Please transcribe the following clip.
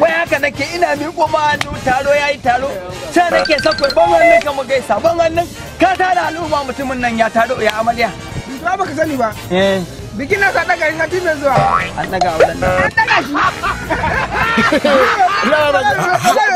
Wai haka nake ina miƙo ma hannu taro yayi taro sai nake sakwai ban hannun ka mu gaisa ban hannun ka tara al'umma mutumin nan ya taro ya amarya. Ba baka sani ba. Eh. bikin na sa daga sati mai zuwa an daga wannan an daga shi